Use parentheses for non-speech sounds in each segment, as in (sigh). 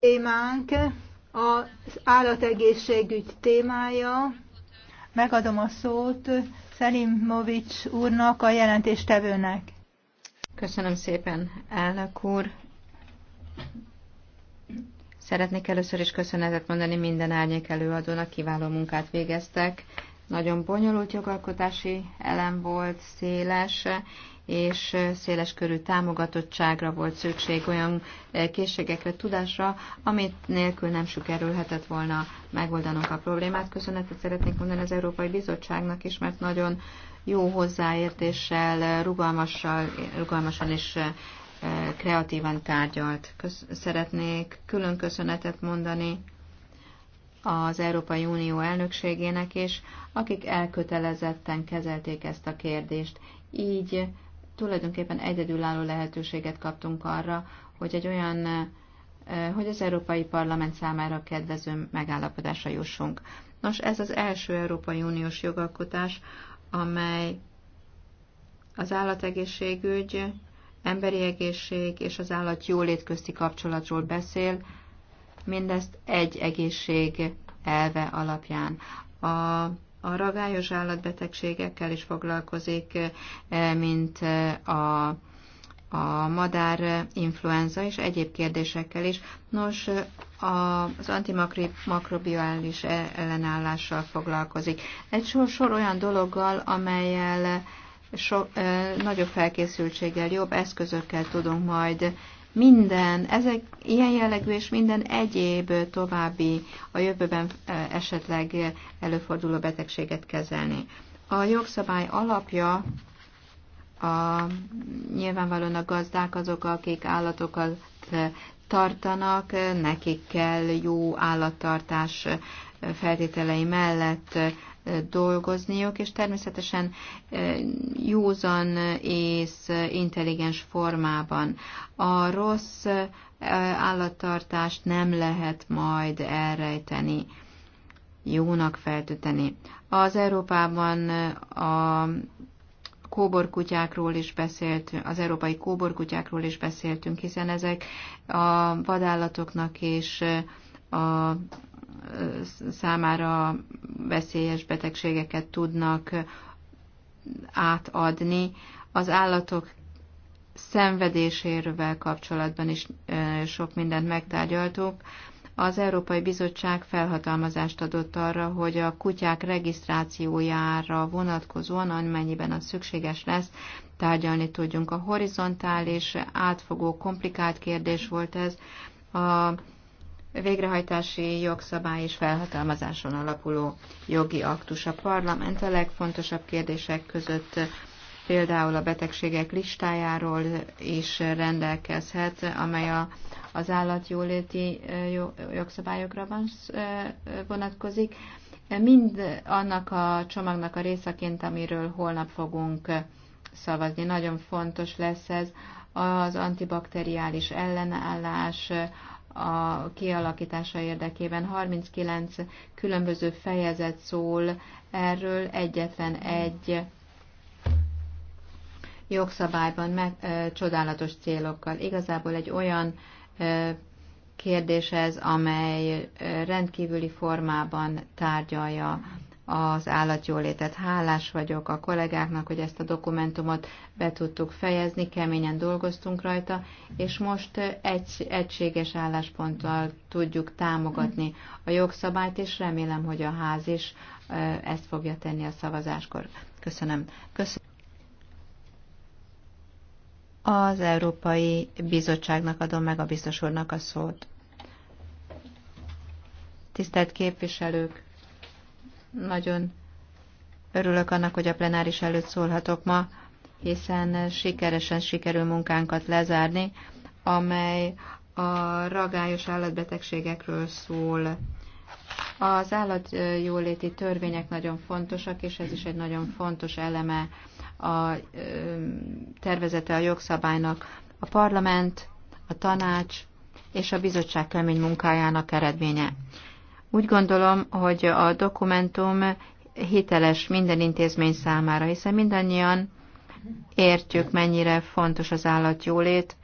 témánk az állategészségügy témája. Megadom a szót Movics úrnak, a jelentéstevőnek. Köszönöm szépen, elnök úr. Szeretnék először is köszönetet mondani minden árnyék előadónak, kiváló munkát végeztek. Nagyon bonyolult jogalkotási elem volt, széles, és széles körű támogatottságra volt szükség, olyan készségekre, tudásra, amit nélkül nem sikerülhetett volna megoldanunk a problémát. Köszönetet szeretnék mondani az Európai Bizottságnak is, mert nagyon jó hozzáértéssel, rugalmassal, rugalmasan és kreatívan tárgyalt. Kösz, szeretnék külön köszönetet mondani az Európai Unió elnökségének is, akik elkötelezetten kezelték ezt a kérdést. Így tulajdonképpen egyedülálló lehetőséget kaptunk arra, hogy egy olyan, eh, hogy az Európai Parlament számára kedvező megállapodásra jussunk. Nos, ez az első Európai Uniós jogalkotás, amely az állategészségügy, emberi egészség és az állat jólét közti kapcsolatról beszél, mindezt egy egészség elve alapján. A a ragályos állatbetegségekkel is foglalkozik, eh, mint eh, a a madár influenza és egyéb kérdésekkel is. Nos, eh, az antimakrobiális ellenállással foglalkozik. Egy sor, sor olyan dologgal, amelyel so, nagyobb felkészültséggel, jobb eszközökkel tudunk majd minden, ezek ilyen jellegű és minden egyéb további a jövőben e, esetleg előforduló betegséget kezelni. A jogszabály alapja a, nyilvánvalóan a gazdák azok, akik állatokat tartanak, nekik kell jó állattartás feltételei mellett dolgozniuk, és természetesen józan és intelligens formában. A rossz állattartást nem lehet majd elrejteni, jónak feltüteni. Az Európában a kóborkutyákról is beszéltünk, az európai kóborkutyákról is beszéltünk, hiszen ezek a vadállatoknak és a számára veszélyes betegségeket tudnak átadni. Az állatok szenvedéséről kapcsolatban is sok mindent megtárgyaltuk. Az Európai Bizottság felhatalmazást adott arra, hogy a kutyák regisztrációjára vonatkozóan, amennyiben az szükséges lesz, tárgyalni tudjunk. A horizontális, átfogó, komplikált kérdés volt ez. A végrehajtási jogszabály és felhatalmazáson alapuló jogi aktus. A parlament a legfontosabb kérdések között például a betegségek listájáról is rendelkezhet, amely a, az állatjóléti jogszabályokra van, vonatkozik. Mind annak a csomagnak a részaként, amiről holnap fogunk szavazni. Nagyon fontos lesz ez az antibakteriális ellenállás, a kialakítása érdekében. 39 különböző fejezet szól erről, egyetlen egy jogszabályban meg, ö, csodálatos célokkal. Igazából egy olyan ö, kérdés ez, amely rendkívüli formában tárgyalja az állatjólétet. Hálás vagyok a kollégáknak, hogy ezt a dokumentumot be tudtuk fejezni, keményen dolgoztunk rajta, és most egy, egységes állásponttal tudjuk támogatni a jogszabályt, és remélem, hogy a ház is ezt fogja tenni a szavazáskor. Köszönöm. Köszönöm. Az Európai Bizottságnak adom meg a biztos úrnak a szót. Tisztelt képviselők! Nagyon örülök annak, hogy a plenáris előtt szólhatok ma, hiszen sikeresen sikerül munkánkat lezárni, amely a ragályos állatbetegségekről szól. Az állatjóléti törvények nagyon fontosak, és ez is egy nagyon fontos eleme a tervezete a jogszabálynak. A parlament, a tanács és a bizottság kemény munkájának eredménye. Úgy gondolom, hogy a dokumentum hiteles minden intézmény számára, hiszen mindannyian értjük, mennyire fontos az állat jólét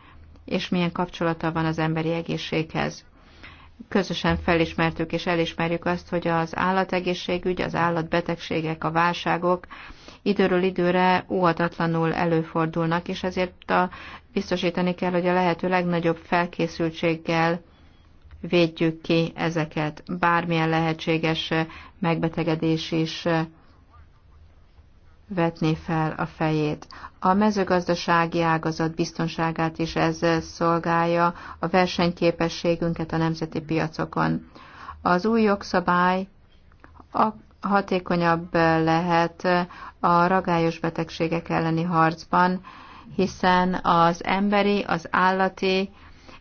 és milyen kapcsolata van az emberi egészséghez. Közösen felismertük és elismerjük azt, hogy az állategészségügy, az állatbetegségek, a válságok időről időre óhatatlanul előfordulnak, és ezért a, biztosítani kell, hogy a lehető legnagyobb felkészültséggel védjük ki ezeket, bármilyen lehetséges megbetegedés is vetné fel a fejét. A mezőgazdasági ágazat biztonságát is ez szolgálja, a versenyképességünket a nemzeti piacokon. Az új jogszabály a hatékonyabb lehet a ragályos betegségek elleni harcban, hiszen az emberi, az állati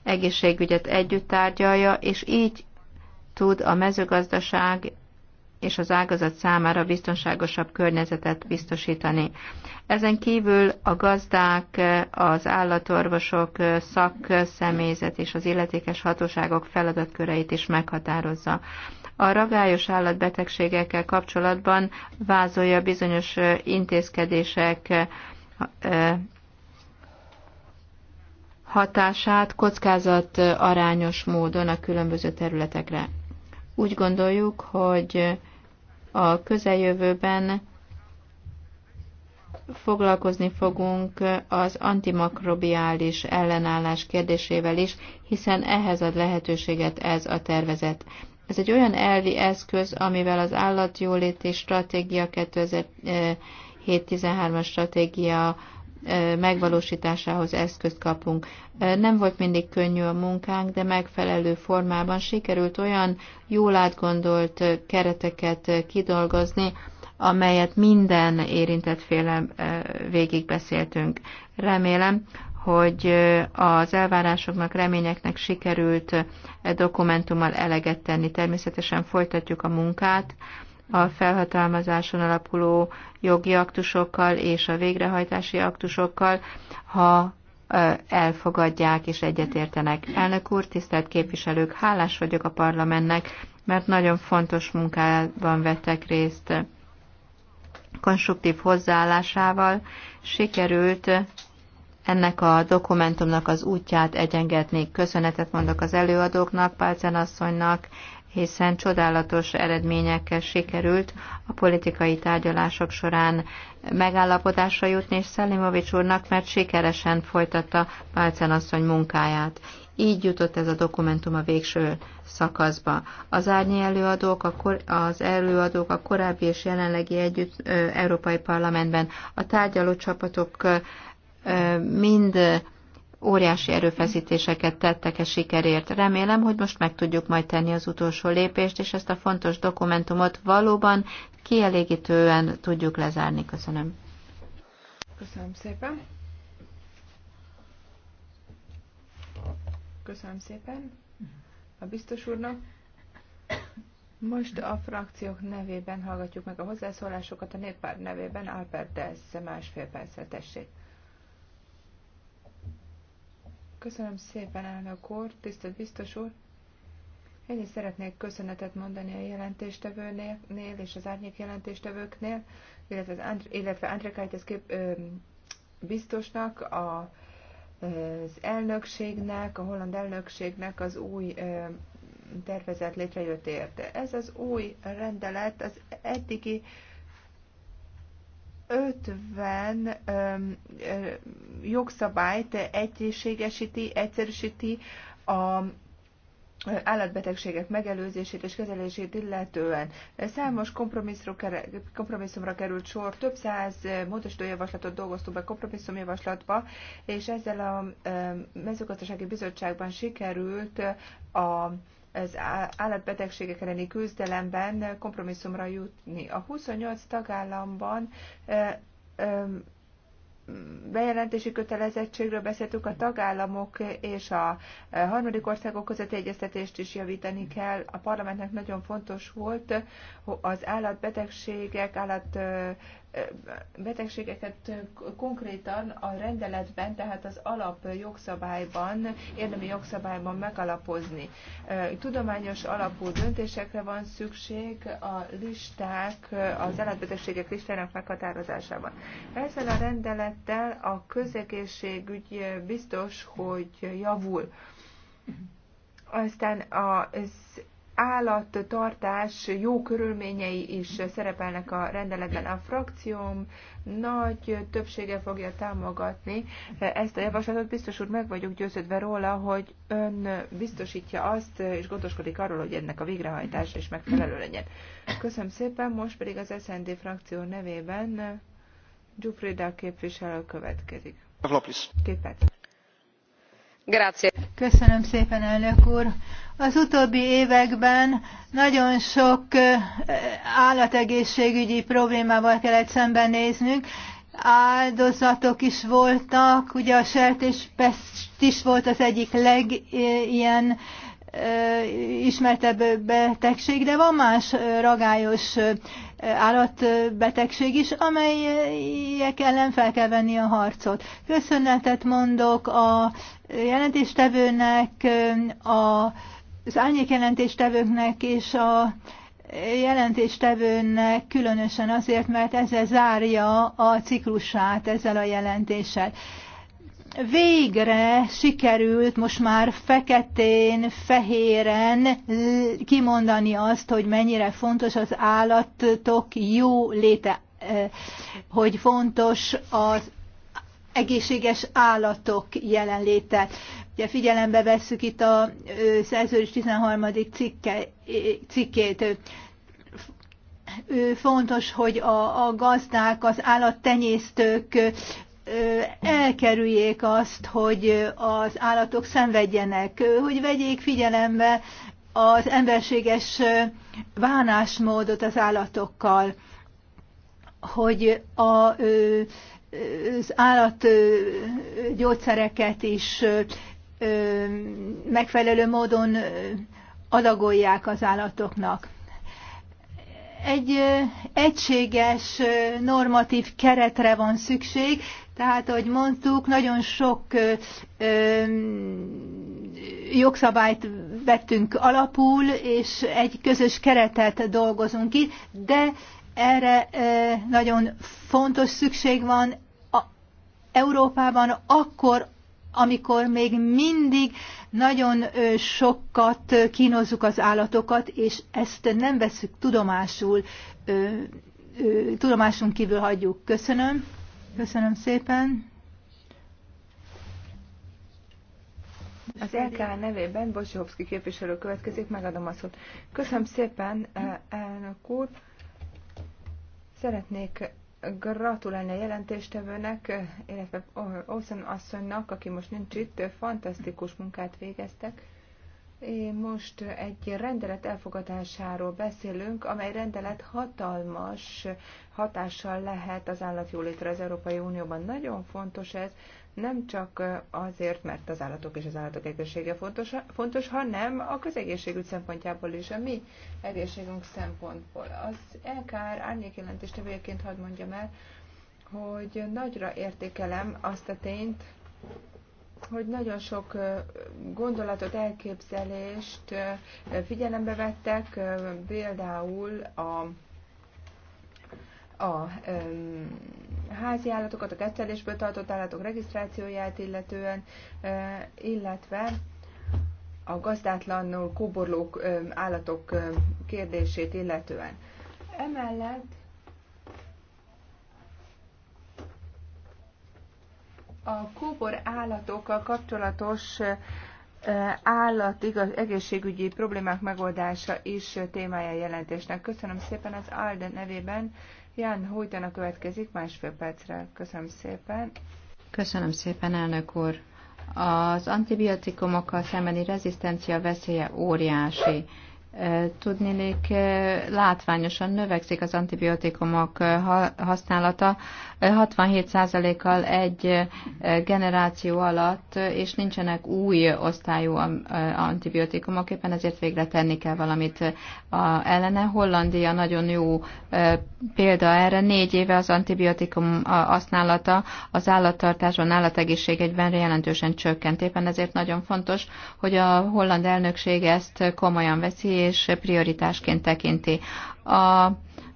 egészségügyet együtt tárgyalja, és így tud a mezőgazdaság és az ágazat számára biztonságosabb környezetet biztosítani. Ezen kívül a gazdák, az állatorvosok, szakszemélyzet és az illetékes hatóságok feladatköreit is meghatározza. A ragályos állatbetegségekkel kapcsolatban vázolja bizonyos intézkedések hatását kockázat arányos módon a különböző területekre. Úgy gondoljuk, hogy a közeljövőben foglalkozni fogunk az antimakrobiális ellenállás kérdésével is, hiszen ehhez ad lehetőséget ez a tervezet. Ez egy olyan elvi eszköz, amivel az állatjóléti stratégia 2007-13-as eh, stratégia megvalósításához eszközt kapunk. Nem volt mindig könnyű a munkánk, de megfelelő formában sikerült olyan jól átgondolt kereteket kidolgozni, amelyet minden érintett féle végigbeszéltünk. Remélem, hogy az elvárásoknak, reményeknek sikerült dokumentummal eleget tenni. Természetesen folytatjuk a munkát, a felhatalmazáson alapuló jogi aktusokkal és a végrehajtási aktusokkal, ha elfogadják és egyetértenek. Elnök úr, tisztelt képviselők, hálás vagyok a parlamentnek, mert nagyon fontos munkában vettek részt. Konstruktív hozzáállásával sikerült ennek a dokumentumnak az útját egyengetni. Köszönetet mondok az előadóknak, Pálcen asszonynak, hiszen csodálatos eredményekkel sikerült a politikai tárgyalások során megállapodásra jutni, és Szelimovics úrnak, mert sikeresen folytatta Pálcen asszony munkáját. Így jutott ez a dokumentum a végső szakaszba. Az árnyi előadók, a kor, az előadók a korábbi és jelenlegi együtt ö, Európai Parlamentben, a tárgyaló csapatok ö, mind óriási erőfeszítéseket tettek a e sikerért. Remélem, hogy most meg tudjuk majd tenni az utolsó lépést, és ezt a fontos dokumentumot valóban kielégítően tudjuk lezárni. Köszönöm. Köszönöm szépen. Köszönöm szépen a biztos úrnak. Most a frakciók nevében hallgatjuk meg a hozzászólásokat, a néppárt nevében Albert Dess másfél percre tessék. Köszönöm szépen, elnök úr, tisztelt biztos úr. Én is szeretnék köszönetet mondani a jelentéstevőnél és az árnyék jelentéstevőknél, illetve, az Andr- illetve Andrekájtesz kép ö, biztosnak, a, az elnökségnek, a holland elnökségnek az új ö, tervezet létrejöttért. Ez az új rendelet az eddigi ö, 50 um, jogszabályt egységesíti, egyszerűsíti a állatbetegségek megelőzését és kezelését illetően. Számos kompromisszumra került sor, több száz módosítójavaslatot dolgoztunk be kompromisszumjavaslatba, és ezzel a mezőgazdasági bizottságban sikerült a az állatbetegségek elleni küzdelemben kompromisszumra jutni. A 28 tagállamban bejelentési kötelezettségről beszéltük, a tagállamok és a harmadik országok közötti egyeztetést is javítani kell. A parlamentnek nagyon fontos volt az állatbetegségek, állat betegségeket konkrétan a rendeletben, tehát az alap jogszabályban, érdemi jogszabályban megalapozni. Tudományos alapú döntésekre van szükség a listák, az állatbetegségek listának meghatározásában. Ezzel a rendelettel a közegészségügy biztos, hogy javul. Aztán az állattartás jó körülményei is szerepelnek a rendeletben. A frakcióm nagy többsége fogja támogatni ezt a javaslatot. Biztos úr, meg vagyok győződve róla, hogy ön biztosítja azt, és gondoskodik arról, hogy ennek a végrehajtása is megfelelő legyen. Köszönöm szépen, most pedig az SND frakció nevében Gyufrida képviselő következik. Két perc. Köszönöm szépen, elnök úr az utóbbi években nagyon sok állategészségügyi problémával kellett szembenéznünk. Áldozatok is voltak, ugye a sertéspest is volt az egyik leg ilyen ismertebb betegség, de van más ragályos állatbetegség is, amelyek ellen fel kell venni a harcot. Köszönetet mondok a jelentéstevőnek, a az árnyékjelentéstevőknek és a jelentéstevőnek különösen azért, mert ezzel zárja a ciklusát ezzel a jelentéssel. Végre sikerült most már feketén, fehéren kimondani azt, hogy mennyire fontos az állatok jó léte, eh, hogy fontos az egészséges állatok jelenléte. Ugye figyelembe vesszük itt a szerződés 13. Cikke, cikkét. Fontos, hogy a, a gazdák, az állattenyésztők elkerüljék azt, hogy az állatok szenvedjenek, hogy vegyék figyelembe az emberséges bánásmódot az állatokkal, hogy a az állatgyógyszereket is megfelelő módon adagolják az állatoknak. Egy egységes normatív keretre van szükség, tehát, ahogy mondtuk, nagyon sok ö, jogszabályt vettünk alapul, és egy közös keretet dolgozunk ki, de erre nagyon fontos szükség van a Európában akkor, amikor még mindig nagyon sokat kínozzuk az állatokat, és ezt nem veszük tudomásul, tudomásunk kívül hagyjuk. Köszönöm. Köszönöm szépen. Az LK nevében Bocsihovszki képviselő következik, megadom a szót. Köszönöm szépen, elnök úr. Szeretnék gratulálni a jelentéstevőnek, illetve Olsen asszonynak, aki most nincs itt, fantasztikus munkát végeztek. Most egy rendelet elfogadásáról beszélünk, amely rendelet hatalmas hatással lehet az állatjólétre az Európai Unióban. Nagyon fontos ez, nem csak azért, mert az állatok és az állatok egészsége fontos, fontos hanem a közegészségügy szempontjából is, a mi egészségünk szempontból. Az LKR árnyékjelentés tevőjeként hadd mondjam el, hogy nagyra értékelem azt a tényt, hogy nagyon sok gondolatot, elképzelést figyelembe vettek, például a a házi állatokat, a kettelésből tartott állatok regisztrációját illetően, illetve a gazdátlanul kóborló állatok kérdését illetően. Emellett a kóbor állatokkal kapcsolatos állat igaz, egészségügyi problémák megoldása is témája jelentésnek. Köszönöm szépen az Alden nevében. Jan Hújtana következik másfél percre. Köszönöm szépen. Köszönöm szépen, elnök úr. Az antibiotikumokkal szembeni rezisztencia veszélye óriási Tudnélék, látványosan növekszik az antibiotikumok használata 67%-kal egy generáció alatt, és nincsenek új osztályú antibiotikumok, éppen ezért végre tenni kell valamit a ellene. Hollandia nagyon jó példa erre. Négy éve az antibiotikum használata az állattartásban, állategészségegyben jelentősen csökkent. Éppen ezért nagyon fontos, hogy a holland elnökség ezt komolyan veszi, és prioritásként tekinti. A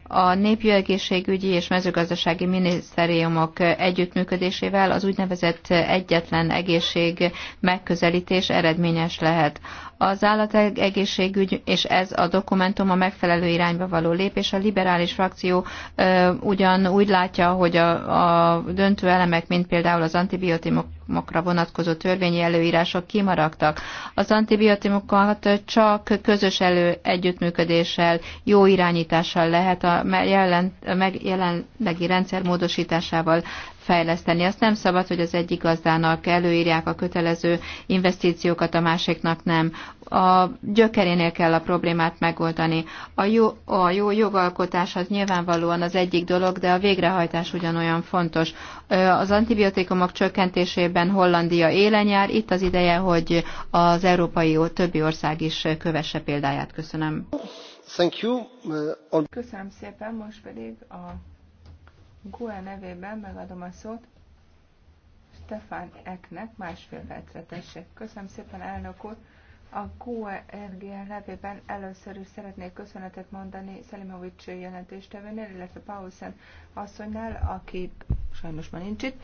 a népjőegészségügyi és mezőgazdasági minisztériumok együttműködésével az úgynevezett egyetlen egészség megközelítés eredményes lehet az állategészségügy, és ez a dokumentum a megfelelő irányba való lépés. A liberális frakció ö, ugyan úgy látja, hogy a, a döntő elemek, mint például az antibiotikumokra vonatkozó törvényi előírások kimaradtak. Az antibiotikumokat csak közös elő együttműködéssel, jó irányítással lehet a jelen, a jelenlegi rendszer módosításával fejleszteni. Azt nem szabad, hogy az egyik gazdának előírják a kötelező investíciókat, a másiknak nem. A gyökerénél kell a problémát megoldani. A jó, a jó jogalkotás az nyilvánvalóan az egyik dolog, de a végrehajtás ugyanolyan fontos. Az antibiotikumok csökkentésében Hollandia élen jár, itt az ideje, hogy az európai többi ország is kövesse példáját. Köszönöm. Thank you. Köszönöm szépen, most pedig a GUE nevében megadom a szót Stefan Eknek másfél percre tessék. Köszönöm szépen, elnök úr! A QRG nevében először is szeretnék köszönetet mondani Szelimovics jelentéstevőnél, illetve Paulsen asszonynál, aki sajnos már nincs itt,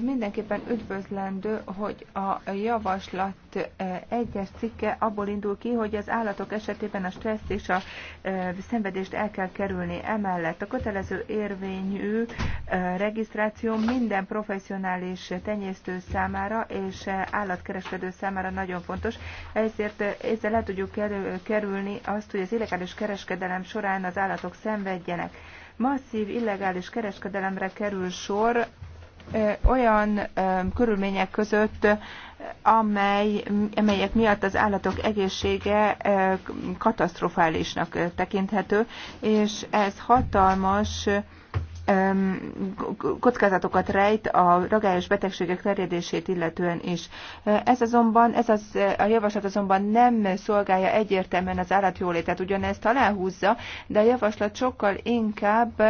Mindenképpen üdvözlendő, hogy a javaslat eh, egyes cikke abból indul ki, hogy az állatok esetében a stressz és a eh, szenvedést el kell kerülni. Emellett a kötelező érvényű eh, regisztráció minden professzionális tenyésztő számára és állatkereskedő számára nagyon fontos. Ezért ezzel le tudjuk kerülni azt, hogy az illegális kereskedelem során az állatok szenvedjenek masszív illegális kereskedelemre kerül sor olyan körülmények között, amely, amelyek miatt az állatok egészsége katasztrofálisnak tekinthető, és ez hatalmas kockázatokat rejt a ragályos betegségek terjedését illetően is. Ez azonban, ez az, a javaslat azonban nem szolgálja egyértelműen az állatjólétet, ugyanezt aláhúzza, de a javaslat sokkal inkább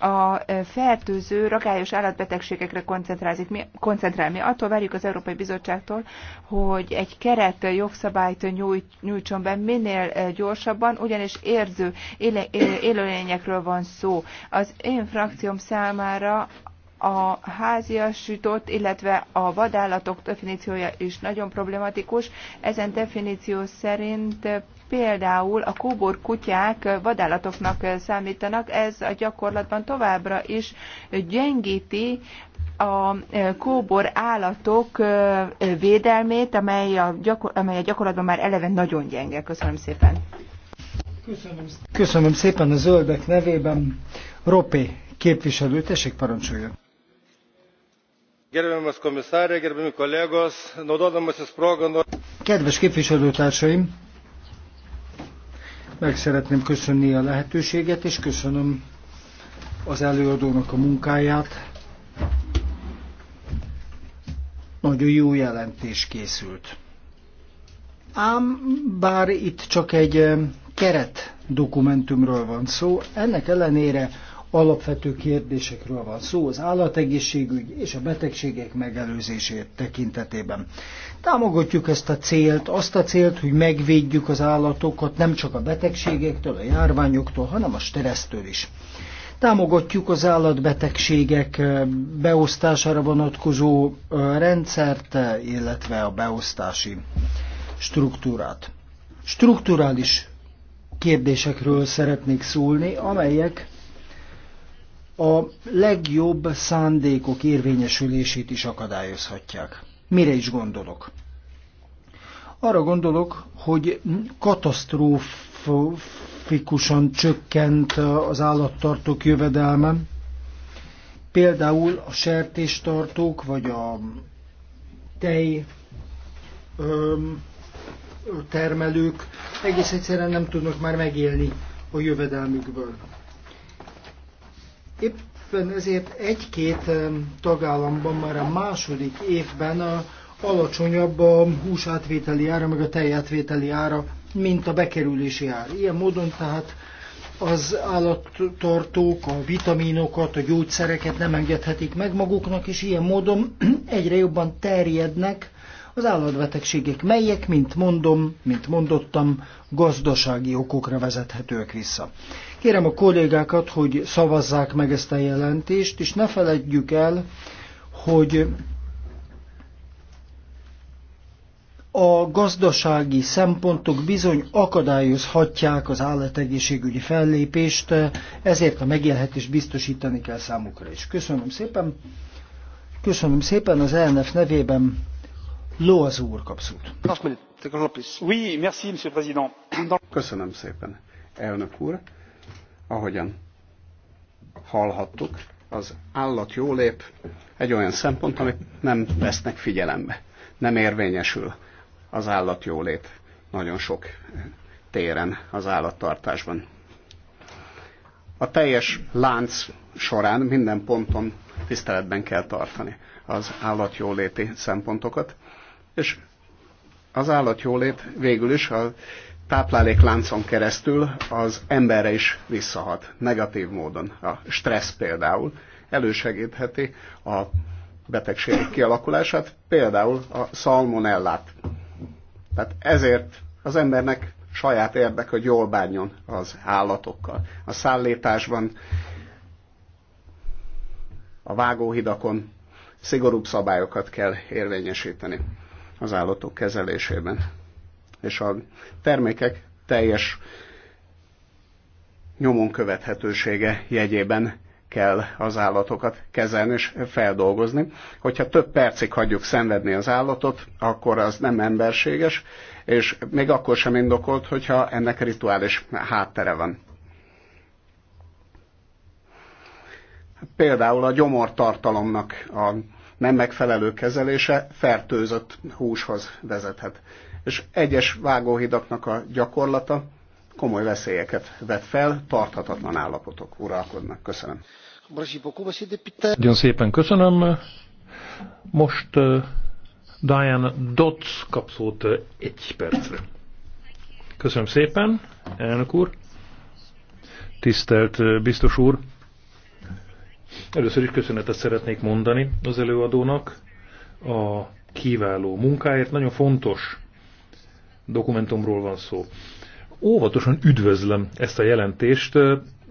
a fertőző ragályos állatbetegségekre koncentrálzik. Mi, koncentrál. Mi attól várjuk az Európai Bizottságtól, hogy egy keret jogszabályt nyújt, nyújtson be minél gyorsabban, ugyanis érző élő, élőlényekről van szó. Az én frakció frakcióm számára a háziasított, illetve a vadállatok definíciója is nagyon problematikus. Ezen definíció szerint például a kóbor kutyák vadállatoknak számítanak, ez a gyakorlatban továbbra is gyengíti a kóbor állatok védelmét, amely a, gyakor- amely a gyakorlatban már eleve nagyon gyenge. Köszönöm szépen. Köszönöm, Köszönöm szépen a zöldek nevében. Ropé Képviselő, tessék parancsoljon. Gerbiamas komisarė, gerbiami kolegos, naudodamasis progą noriu. Kedves képviselőtársaim, meg szeretném köszönni a lehetőséget, és köszönöm az előadónak a munkáját. Nagyon jó jelentés készült. Ám bár itt csak egy eh, keret dokumentumról van szó, ennek ellenére alapvető kérdésekről van szó az állategészségügy és a betegségek megelőzését tekintetében. Támogatjuk ezt a célt, azt a célt, hogy megvédjük az állatokat nem csak a betegségektől, a járványoktól, hanem a stressztől is. Támogatjuk az állatbetegségek beosztására vonatkozó rendszert, illetve a beosztási struktúrát. Strukturális kérdésekről szeretnék szólni, amelyek a legjobb szándékok érvényesülését is akadályozhatják. Mire is gondolok? Arra gondolok, hogy katasztrófikusan csökkent az állattartók jövedelme. Például a sertéstartók, vagy a tej termelők egész egyszerűen nem tudnak már megélni a jövedelmükből. Éppen ezért egy-két tagállamban már a második évben a alacsonyabb a hús átvételi ára, meg a tej átvételi ára, mint a bekerülési ár. Ilyen módon tehát az állattartók a vitaminokat, a gyógyszereket nem engedhetik meg maguknak, és ilyen módon (clears throat) egyre jobban terjednek az állatbetegségek, melyek, mint mondom, mint mondottam, gazdasági okokra vezethetőek vissza. Kérem a kollégákat, hogy szavazzák meg ezt a jelentést, és ne feledjük el, hogy a gazdasági szempontok bizony akadályozhatják az állategészségügyi fellépést, ezért a megélhetést biztosítani kell számukra is. Köszönöm szépen. Köszönöm szépen az ELNF nevében. Lóaz úr kapszult. Köszönöm szépen, elnök úr ahogyan hallhattuk, az állat jólép egy olyan szempont, amit nem vesznek figyelembe. Nem érvényesül az állat jólét nagyon sok téren az állattartásban. A teljes lánc során minden ponton tiszteletben kell tartani az állatjóléti szempontokat, és az állatjólét végül is a táplálékláncon keresztül az emberre is visszahat negatív módon. A stressz például elősegítheti a betegségek kialakulását, például a szalmonellát. Tehát ezért az embernek saját érdek, hogy jól bánjon az állatokkal. A szállításban, a vágóhidakon szigorúbb szabályokat kell érvényesíteni az állatok kezelésében és a termékek teljes nyomon követhetősége jegyében kell az állatokat kezelni és feldolgozni. Hogyha több percig hagyjuk szenvedni az állatot, akkor az nem emberséges, és még akkor sem indokolt, hogyha ennek rituális háttere van. Például a gyomortartalomnak a nem megfelelő kezelése fertőzött húshoz vezethet és egyes vágóhidaknak a gyakorlata komoly veszélyeket vet fel, tarthatatlan állapotok uralkodnak. Köszönöm. Nagyon szépen köszönöm. Most uh, Diane Dodds kap szót uh, egy percre. Köszönöm szépen, elnök úr. Tisztelt uh, biztos úr. Először is köszönetet szeretnék mondani az előadónak a kiváló munkáért. Nagyon fontos dokumentumról van szó. Óvatosan üdvözlöm ezt a jelentést,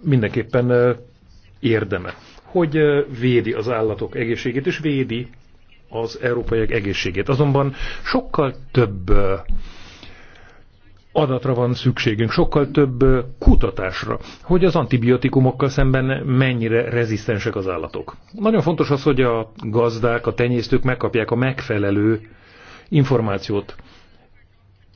mindenképpen érdeme, hogy védi az állatok egészségét, és védi az európaiak egészségét. Azonban sokkal több adatra van szükségünk, sokkal több kutatásra, hogy az antibiotikumokkal szemben mennyire rezisztensek az állatok. Nagyon fontos az, hogy a gazdák, a tenyésztők megkapják a megfelelő információt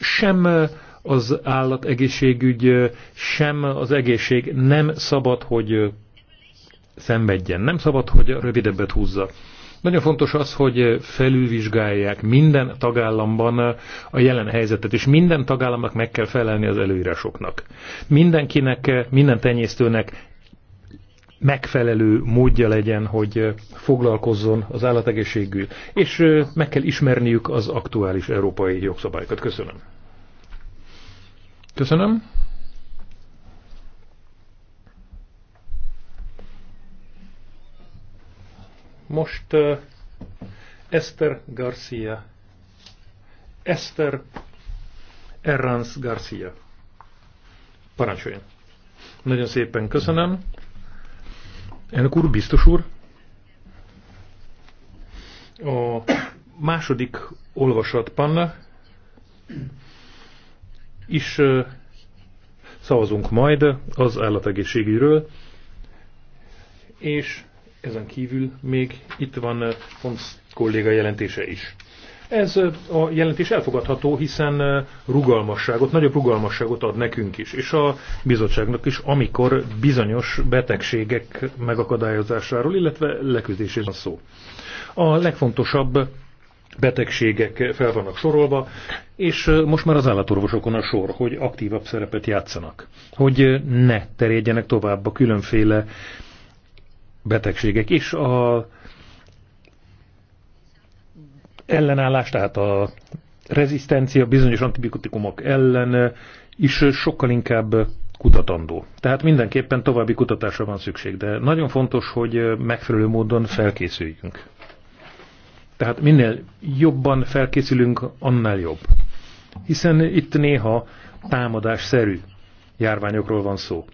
sem az állategészségügy, sem az egészség nem szabad, hogy szenvedjen, nem szabad, hogy rövidebbet húzza. Nagyon fontos az, hogy felülvizsgálják minden tagállamban a jelen helyzetet, és minden tagállamnak meg kell felelni az előírásoknak. Mindenkinek, minden tenyésztőnek megfelelő módja legyen, hogy foglalkozzon az állategészségügy. és meg kell ismerniük az aktuális európai jogszabályokat. Köszönöm. Köszönöm. Most uh, Esther Garcia. Esther Errans Garcia. Parancsoljon. Nagyon szépen köszönöm. Elnök úr, biztos úr, a második olvasatban is szavazunk majd az állategészségügyről, és ezen kívül még itt van Fonsz kolléga jelentése is. Ez a jelentés elfogadható, hiszen rugalmasságot, nagyobb rugalmasságot ad nekünk is, és a bizottságnak is, amikor bizonyos betegségek megakadályozásáról, illetve leküzdéséről van szó. A legfontosabb betegségek fel vannak sorolva, és most már az állatorvosokon a sor, hogy aktívabb szerepet játszanak, hogy ne terjedjenek tovább a különféle betegségek, és a ellenállás, tehát a rezisztencia bizonyos antibiotikumok ellen is sokkal inkább kutatandó. Tehát mindenképpen további kutatásra van szükség, de nagyon fontos, hogy megfelelő módon felkészüljünk. Tehát minél jobban felkészülünk, annál jobb. Hiszen itt néha támadásszerű járványokról van szó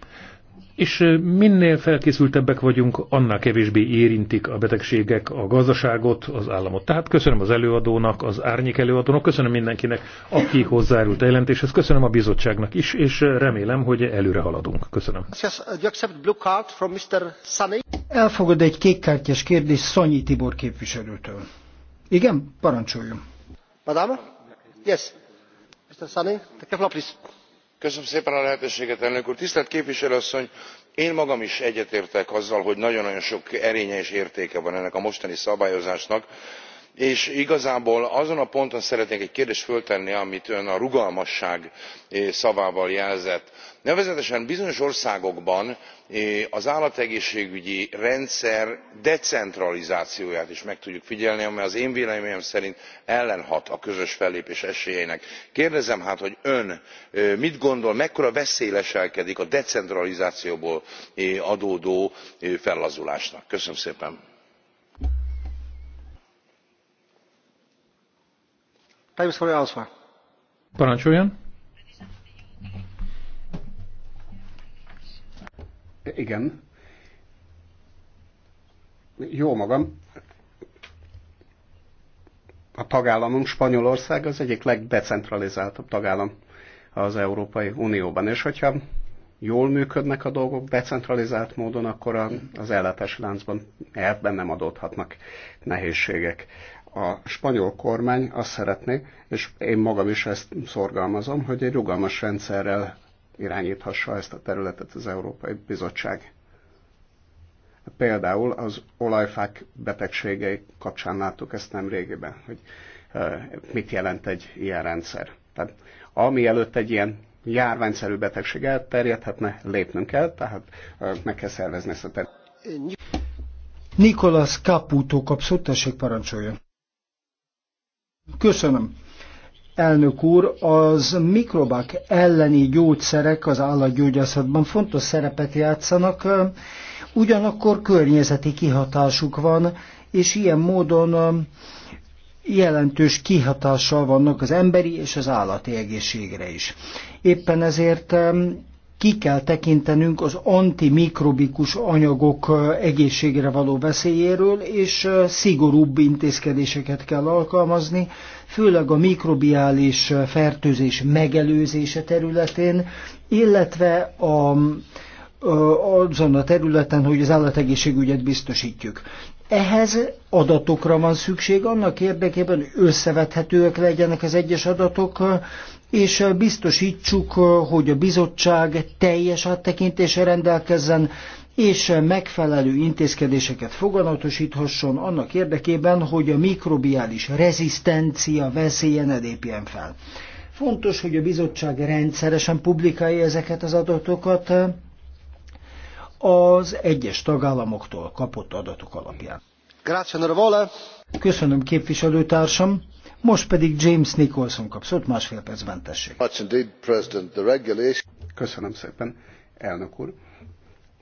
és minél felkészültebbek vagyunk, annál kevésbé érintik a betegségek a gazdaságot, az államot. Tehát köszönöm az előadónak, az árnyék előadónak, köszönöm mindenkinek, aki hozzájárult a jelentéshez, köszönöm a bizottságnak is, és remélem, hogy előre haladunk. Köszönöm. Uh, Elfogad egy kékkártyás kérdés Szanyi Tibor képviselőtől. Igen? Parancsoljon. Madame? Yes. Mr. Sunny, take a floor, please tisztelt képviselő asszony én magam is egyetértek azzal hogy nagyon nagyon sok erénye és értéke van ennek a mostani szabályozásnak és igazából azon a ponton szeretnék egy kérdést föltenni amit ön a rugalmasság eh, szavával jelzett. nevezetesen bizonyos országokban eh, az állategészségügyi rendszer decentralizációját is meg tudjuk figyelni amely az én véleményem szerint ellenhat a közös fellépés esélyeinek. kérdezem hát hogy ön eh, mit gondol mekkora veszély leselkedik a decentralizációból adódó fellazulásnak? köszönöm szépen! Parancsoljon! Igen. Jó magam. A tagállamunk Spanyolország az egyik legdecentralizáltabb tagállam az Európai Unióban. És hogyha jól működnek a dolgok decentralizált módon, akkor az ellátási láncban elvben nem adódhatnak nehézségek a spanyol kormány azt szeretné, és én magam is ezt szorgalmazom, hogy egy rugalmas rendszerrel irányíthassa ezt a területet az Európai Bizottság. Például az olajfák betegségei kapcsán láttuk ezt nem régiben, hogy mit jelent egy ilyen rendszer. Tehát ami előtt egy ilyen járványszerű betegség elterjedhetne, lépnünk kell, tehát meg kell szervezni ezt a területet. Nikolas Caputo kapszott, tessék parancsoljon. Köszönöm. Elnök úr, az mikrobák elleni gyógyszerek az állatgyógyászatban fontos szerepet játszanak, ugyanakkor környezeti kihatásuk van, és ilyen módon um, jelentős kihatással vannak az emberi és az állati egészségre is. Éppen ezért um, ki kell tekintenünk az antimikrobikus anyagok egészségre való veszélyéről, és szigorúbb intézkedéseket kell alkalmazni, főleg a mikrobiális fertőzés megelőzése területén, illetve a, azon a területen, hogy az állategészségügyet biztosítjuk. Ehhez adatokra van szükség, annak érdekében összevethetőek legyenek az egyes adatok, és biztosítsuk, hogy a bizottság teljes áttekintésre rendelkezzen, és megfelelő intézkedéseket foganatosíthasson annak érdekében, hogy a mikrobiális rezisztencia veszélye ne lépjen fel. Fontos, hogy a bizottság rendszeresen publikálja ezeket az adatokat az egyes tagállamoktól kapott adatok alapján. Köszönöm képviselőtársam! Most pedig James Nicholson kap szót, másfél percben tessék. Köszönöm szépen, elnök úr.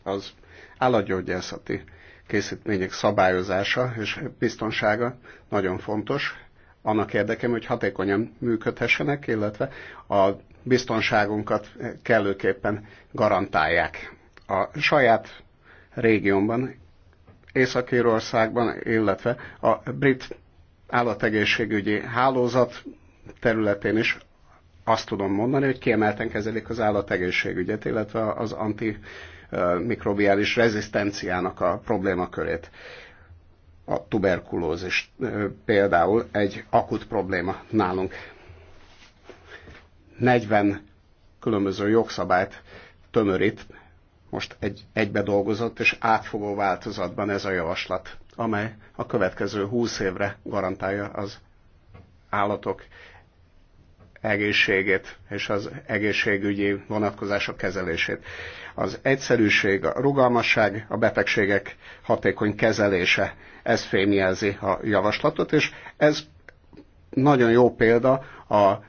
Az állatgyógyászati készítmények szabályozása és biztonsága nagyon fontos, annak érdekem, hogy hatékonyan működhessenek, illetve a biztonságunkat kellőképpen garantálják. A saját régiómban, Észak-Írországban, illetve a brit állategészségügyi hálózat területén is azt tudom mondani, hogy kiemelten kezelik az állategészségügyet, illetve az antimikrobiális rezisztenciának a problémakörét. A tuberkulózis például egy akut probléma nálunk. 40 különböző jogszabályt tömörít most egy, egybe dolgozott és átfogó változatban ez a javaslat amely a következő 20 évre garantálja az állatok egészségét és az egészségügyi vonatkozások kezelését. Az egyszerűség, a rugalmasság, a betegségek hatékony kezelése, ez fémjelzi a javaslatot, és ez nagyon jó példa a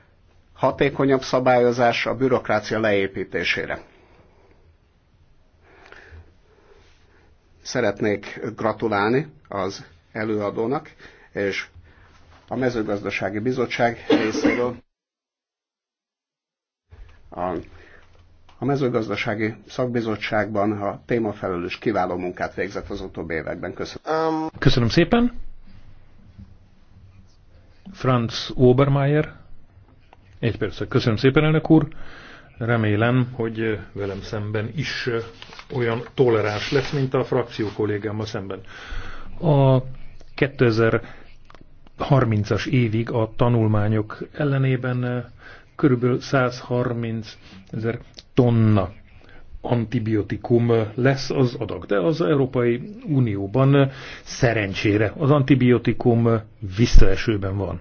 hatékonyabb szabályozás a bürokrácia leépítésére. Szeretnék gratulálni az előadónak, és a mezőgazdasági bizottság részéről a, a mezőgazdasági szakbizottságban a témafelelős kiváló munkát végzett az utóbbi években. Köszönöm. Um... Köszönöm szépen. Franz Obermeier. Egy perc. Köszönöm szépen, elnök úr. Remélem, hogy uh, velem szemben is uh, olyan toleráns lesz, mint a frakció kollégámmal szemben a 2030-as évig a tanulmányok ellenében eh, körülbelül 130 ezer tonna antibiotikum lesz az adag. De az Európai Unióban eh, szerencsére az antibiotikum visszaesőben van.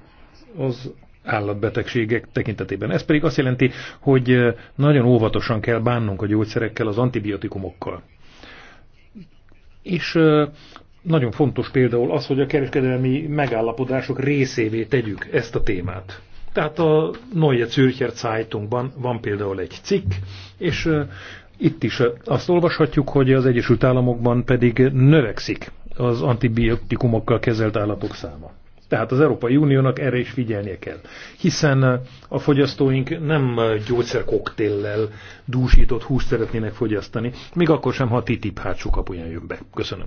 Az állatbetegségek tekintetében. Ez pedig azt jelenti, hogy eh, nagyon óvatosan kell bánnunk a gyógyszerekkel, az antibiotikumokkal. És nagyon fontos például az, hogy a kereskedelmi megállapodások részévé tegyük ezt a témát. Tehát a Neue Zürcher Zeitungban van például egy cikk, és itt is azt olvashatjuk, hogy az Egyesült Államokban pedig növekszik az antibiotikumokkal kezelt állatok száma. Tehát az Európai Uniónak erre is figyelnie kell. Hiszen a fogyasztóink nem gyógyszerkoktéllel dúsított húst szeretnének fogyasztani, még akkor sem, ha a TTIP hátsó kapuján jön be. Köszönöm.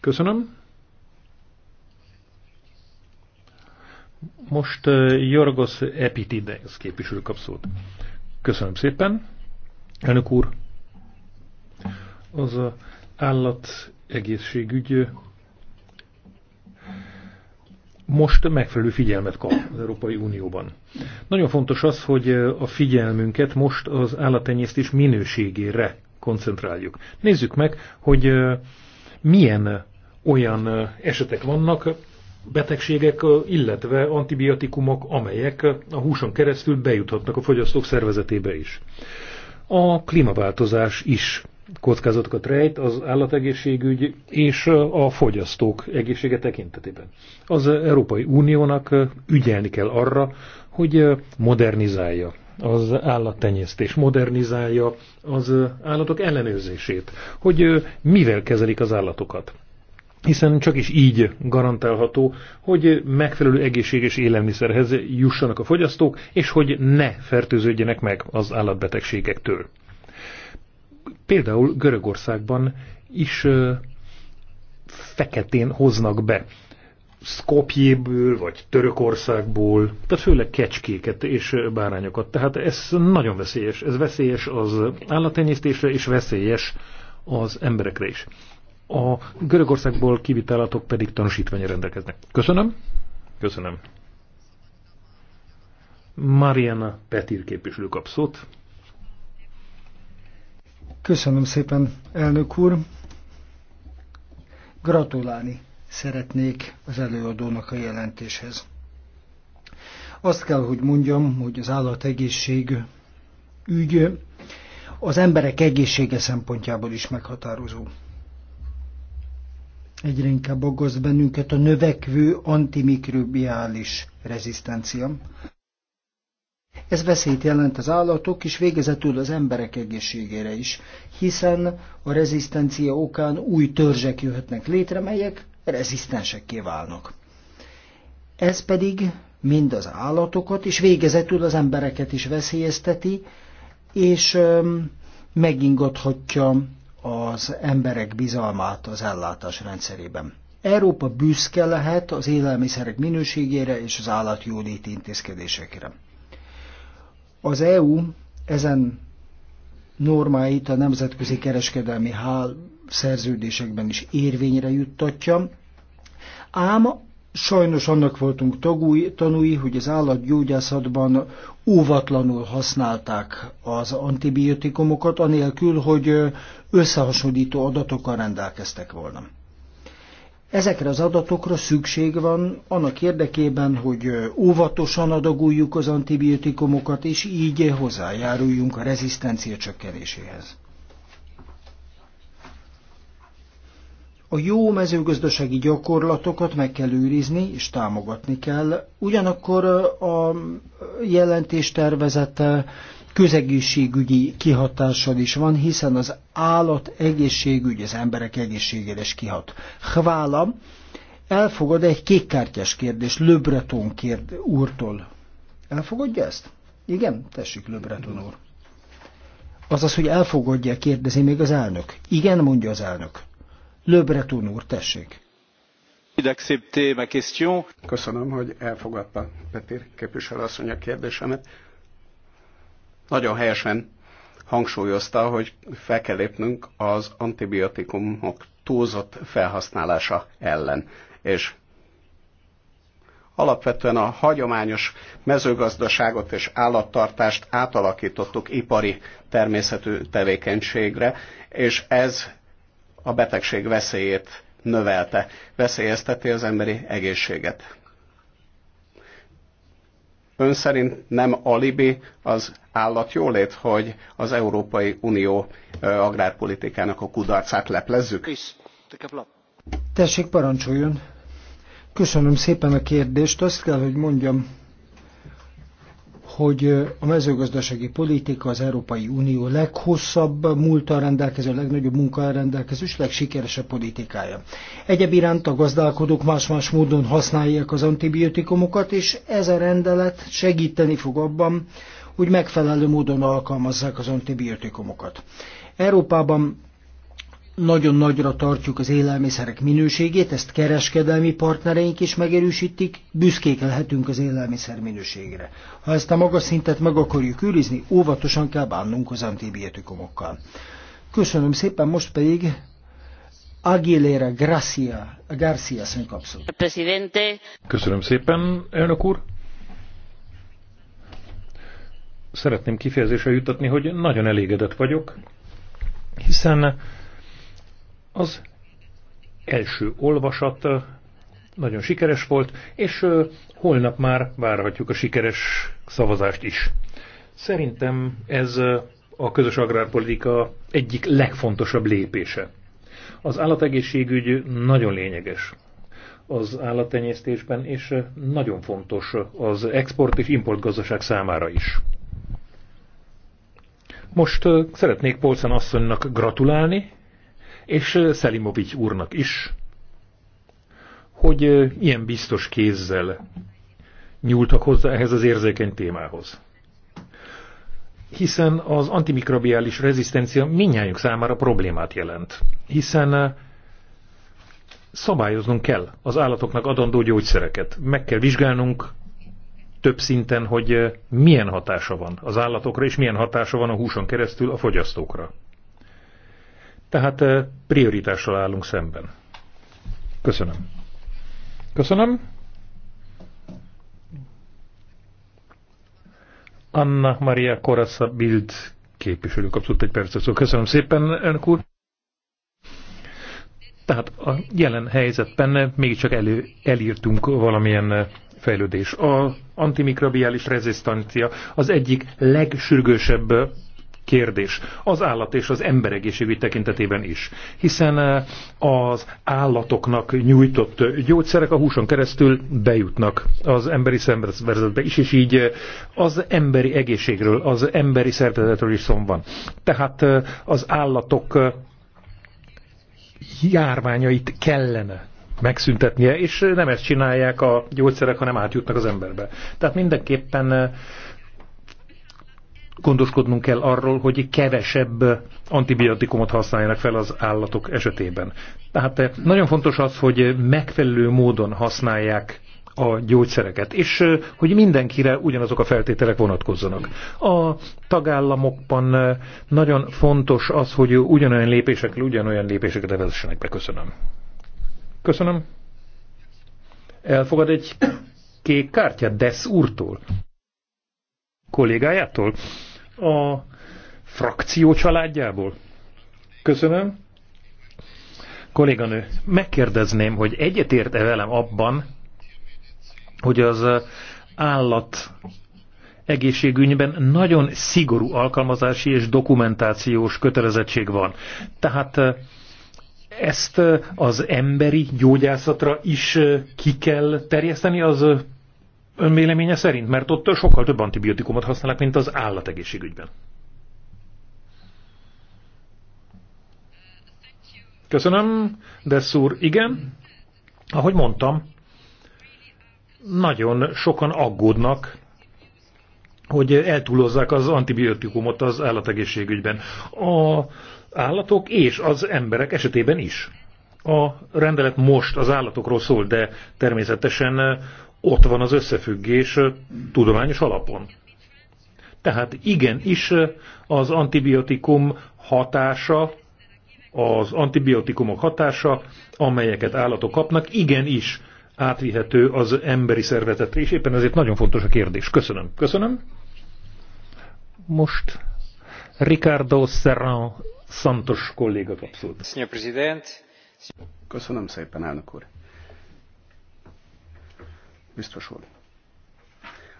Köszönöm. Most Jorgos uh, Epitides képviselő kap szót. Köszönöm szépen. Elnök úr, az állat egészségügy uh, most megfelelő figyelmet kap az Európai Unióban. Nagyon fontos az, hogy uh, a figyelmünket most az állattenyésztés minőségére koncentráljuk. Nézzük meg, hogy milyen olyan esetek vannak, betegségek, illetve antibiotikumok, amelyek a húson keresztül bejuthatnak a fogyasztók szervezetébe is. A klímaváltozás is kockázatokat rejt az állategészségügy és a fogyasztók egészsége tekintetében. Az Európai Uniónak ügyelni kell arra, hogy modernizálja az állattenyésztés, modernizálja az állatok ellenőrzését, hogy mivel kezelik az állatokat hiszen csak is így garantálható, hogy megfelelő egészséges élelmiszerhez jussanak a fogyasztók, és hogy ne fertőződjenek meg az állatbetegségektől. Például Görögországban is feketén hoznak be Skopjéből, vagy Törökországból, tehát főleg kecskéket és bárányokat. Tehát ez nagyon veszélyes. Ez veszélyes az állattenyésztésre, és veszélyes az emberekre is a Görögországból kivitálatok pedig tanúsítványra rendelkeznek. Köszönöm. Köszönöm. Mariana Petir képviselő kap szót. Köszönöm szépen, elnök úr. Gratulálni szeretnék az előadónak a jelentéshez. Azt kell, hogy mondjam, hogy az állategészség ügy az emberek egészsége szempontjából is meghatározó egyre inkább aggaszt bennünket a növekvő antimikrobiális rezisztencia. Ez veszélyt jelent az állatok és végezetül az emberek egészségére is, hiszen a rezisztencia okán új törzsek jöhetnek létre, melyek rezisztensekké válnak. Ez pedig mind az állatokat és végezetül az embereket is veszélyezteti, és megingathatja az emberek bizalmát az ellátás rendszerében. Európa büszke lehet az élelmiszerek minőségére és az állatjóléti intézkedésekre. Az EU ezen normáit a nemzetközi kereskedelmi hál szerződésekben is érvényre juttatja, ám sajnos annak voltunk tagúi, tanúi, hogy az állatgyógyászatban óvatlanul használták az antibiotikumokat, anélkül, hogy összehasonlító adatokkal rendelkeztek volna. Ezekre az adatokra szükség van annak érdekében, hogy óvatosan adagoljuk az antibiotikumokat, és így hozzájáruljunk a rezisztencia csökkenéséhez. A jó mezőgazdasági gyakorlatokat meg kell őrizni és támogatni kell, ugyanakkor a jelentés tervezete közegészségügyi kihatással is van, hiszen az állat egészségügy az emberek egészségére is kihat. Hvála, elfogad egy kékkártyás kérdés Löbreton kérd úrtól. Elfogadja ezt? Igen? Tessék, Löbreton úr. Azaz, hogy elfogadja, kérdezi még az elnök. Igen, mondja az elnök. Löbreton úr, tessék. Köszönöm, hogy elfogadta Petir asszony a kérdésemet nagyon helyesen hangsúlyozta, hogy fel kell lépnünk az antibiotikumok túlzott felhasználása ellen. És alapvetően a hagyományos mezőgazdaságot és állattartást átalakítottuk ipari természetű tevékenységre, és ez a betegség veszélyét növelte, veszélyezteti az emberi egészséget. Ön szerint nem alibi az állatjólét, hogy az Európai Unió agrárpolitikának a kudarcát leplezzük? Tessék, parancsoljon! Köszönöm szépen a kérdést. Azt kell, hogy mondjam, hogy a mezőgazdasági politika az Európai Unió leghosszabb múltal rendelkező, legnagyobb munkára rendelkező és legsikeresebb politikája. Egyéb iránt a gazdálkodók más-más módon használják az antibiotikumokat, és ez a rendelet segíteni fog abban, hogy megfelelő módon alkalmazzák az antibiotikumokat. Európában nagyon nagyra tartjuk az élelmiszerek minőségét, ezt kereskedelmi partnereink is megerősítik, büszkék lehetünk az élelmiszer minőségre. Ha ezt a magas szintet meg akarjuk őrizni, óvatosan kell bánnunk az antibiotikumokkal. Köszönöm szépen, most pedig Aguilera Gracia, Garcia szönkapszó. Köszönöm szépen, elnök úr. Szeretném kifejezésre jutatni, hogy nagyon elégedett vagyok, hiszen az első olvasat nagyon sikeres volt, és holnap már várhatjuk a sikeres szavazást is. Szerintem ez a közös agrárpolitika egyik legfontosabb lépése. Az állategészségügy nagyon lényeges az állattenyésztésben, és nagyon fontos az export és import gazdaság számára is. Most szeretnék Polszán asszonynak gratulálni, és Szelimovics úrnak is, hogy ilyen biztos kézzel nyúltak hozzá ehhez az érzékeny témához. Hiszen az antimikrobiális rezisztencia minnyájuk számára problémát jelent. Hiszen szabályoznunk kell az állatoknak adandó gyógyszereket. Meg kell vizsgálnunk több szinten, hogy milyen hatása van az állatokra, és milyen hatása van a húson keresztül a fogyasztókra. Tehát prioritással állunk szemben. Köszönöm. Köszönöm. Anna Maria Korasza Bild képviselő kapcsolat egy percet szó. Szóval köszönöm szépen, elnök úr. Tehát a jelen helyzetben mégiscsak elő, elírtunk valamilyen fejlődés. A antimikrobiális rezisztancia az egyik legsürgősebb kérdés az állat és az ember egészségügy tekintetében is, hiszen eh, az állatoknak nyújtott gyógyszerek a húson keresztül bejutnak az emberi szervezetbe is, és így eh, az emberi egészségről, az emberi szervezetről is szó van. Tehát eh, az állatok járványait kellene megszüntetnie, és nem ezt csinálják a gyógyszerek, hanem átjutnak az emberbe. Tehát mindenképpen gondoskodnunk kell arról, hogy kevesebb antibiotikumot használjanak fel az állatok esetében. Tehát eh, nagyon fontos az, hogy megfelelő módon használják a gyógyszereket, és eh, hogy mindenkire ugyanazok a feltételek vonatkozzanak. A tagállamokban eh, nagyon fontos az, hogy ugyanolyan lépésekkel ugyanolyan lépéseket vezessenek be. Köszönöm. Köszönöm. Elfogad egy kék kártyát Desz úrtól? Kollégájától? a frakció családjából? Köszönöm. Kolléganő, megkérdezném, hogy egyetért-e velem abban, hogy az állat egészségügyben nagyon szigorú alkalmazási és dokumentációs kötelezettség van. Tehát ezt az emberi gyógyászatra is ki kell terjeszteni, az ön véleménye szerint? Mert ott sokkal több antibiotikumot használnak, mint az állategészségügyben. Köszönöm, de úr. Igen, ahogy mondtam, nagyon sokan aggódnak, hogy eltúlozzák az antibiotikumot az állategészségügyben. A állatok és az emberek esetében is. A rendelet most az állatokról szól, de természetesen ott van az összefüggés tudományos alapon. Tehát igenis az antibiotikum hatása, az antibiotikumok hatása, amelyeket állatok kapnak, igenis átvihető az emberi szervezetre, és éppen ezért nagyon fontos a kérdés. Köszönöm. Köszönöm. Most Ricardo Serrano Santos kolléga kapszult. Köszönöm szépen, elnök úr. Biztos úr.